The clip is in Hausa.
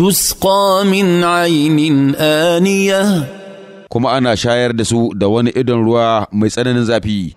تسقى من عين kuma ana shayar da su da wani idon ruwa mai tsananin zafi